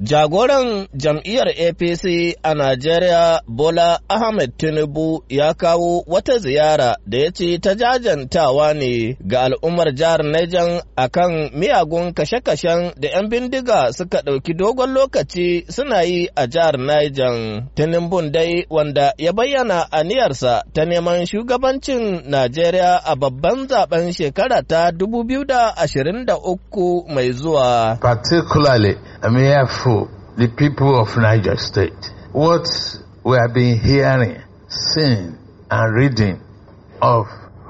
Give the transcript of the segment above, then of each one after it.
Jagoran jam'iyyar APC a Najeriya Bola Ahmed Tinubu ya kawo wata ziyara da ya ce ta jajantawa ne ga al'ummar jihar a kan miyagun kashe-kashen da 'yan bindiga suka ɗauki dogon lokaci suna yi a jihar Niger. Tinubu dai wanda ya bayyana aniyarsa ta neman shugabancin Najeriya a babban zaben shekara ta 2023 mai zuwa. Particularly, people, the people of Niger State, what we have been hearing, seeing, and reading of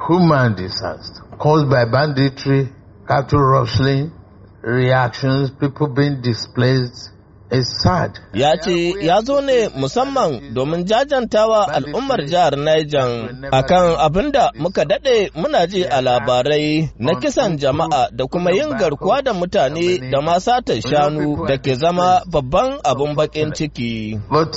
human disaster caused by banditry, cattle rustling, reactions, people being displaced, Ya ce ya zo ne musamman domin jajantawa al'ummar jihar Niger akan abin da muka daɗe muna ji a labarai na kisan jama'a da kuma yin garkuwa da mutane da ma ta shanu da ke zama babban abin baƙin ciki. But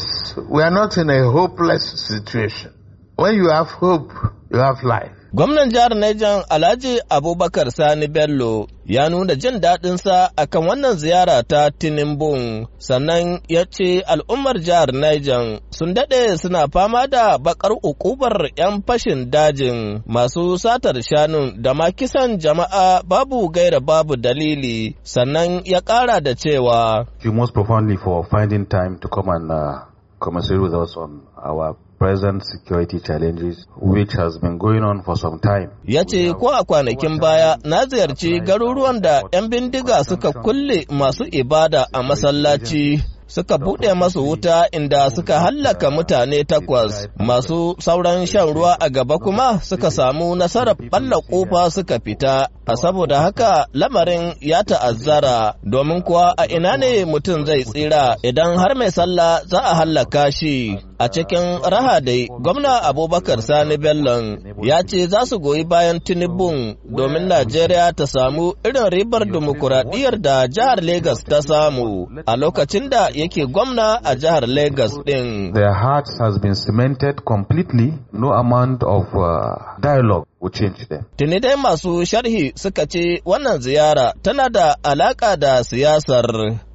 we are not in a hopeless situation. When you have hope, you have life. Gwamnan jihar Niger Alhaji Abubakar Sani Bello ya nuna jin daɗinsa a kan wannan ziyara ta Tinubu sannan ya ce al'ummar jihar Niger sun daɗe suna fama da bakar ukubar 'yan fashin dajin masu satar shanun da ma kisan jama'a babu gaira babu dalili sannan ya ƙara da cewa. You most profoundly for finding time to come and uh, commiserate with us on our present security challenges which has been going on for some time. Ya ce ko a kwanakin baya na ziyarci garuruwan da 'yan bindiga suka kulle masu ibada a masallaci. suka buɗe masu wuta inda suka hallaka mutane takwas masu sauran shan ruwa a gaba kuma suka samu nasarar ɓalla ƙofa suka fita a saboda haka lamarin ya ta'azzara domin kuwa a ina ne mutum zai tsira idan har mai sallah za a hallaka shi A cikin raha dai, gwamna Abubakar Sani Bello ya ce za su goyi bayan Tinubun domin Najeriya ta samu irin ribar dimokuraɗiyyar da jihar Legas ta samu a lokacin da yake gwamna a jihar Legas ɗin. Their hearts has been cemented completely, no amount of uh, dialogue. within Tuni dai masu sharhi suka ce wannan ziyara tana da alaka da siyasar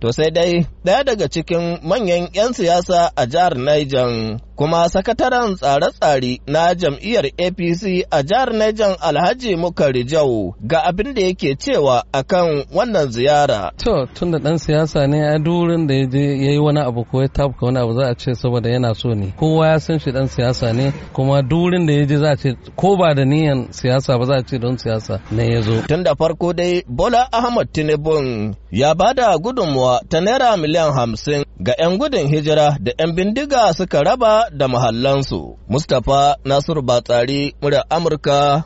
to sai dai ɗaya daga cikin manyan 'yan siyasa a jihar Niger kuma sakataren tsare-tsare na jam'iyyar APC a jihar Niger Alhaji Mukari Jau ga abin da yake cewa akan wannan ziyara. To tun da dan siyasa ne a durin da ya yi wani abu ko ya tabka wani abu za a ce saboda yana so ne. Kowa ya san shi dan siyasa ne kuma durin da ya je za a ce ko ba da niyan siyasa ba za a ce don siyasa ne ya zo. Tun da farko dai Bola Ahmad Tinubu ya ba da gudunmuwa ta naira miliyan hamsin ga 'yan gudun hijira da 'yan bindiga suka raba da mahallansu. Mustapha Nasiru Batsari, murar Amurka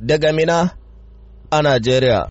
daga Mina a Najeriya.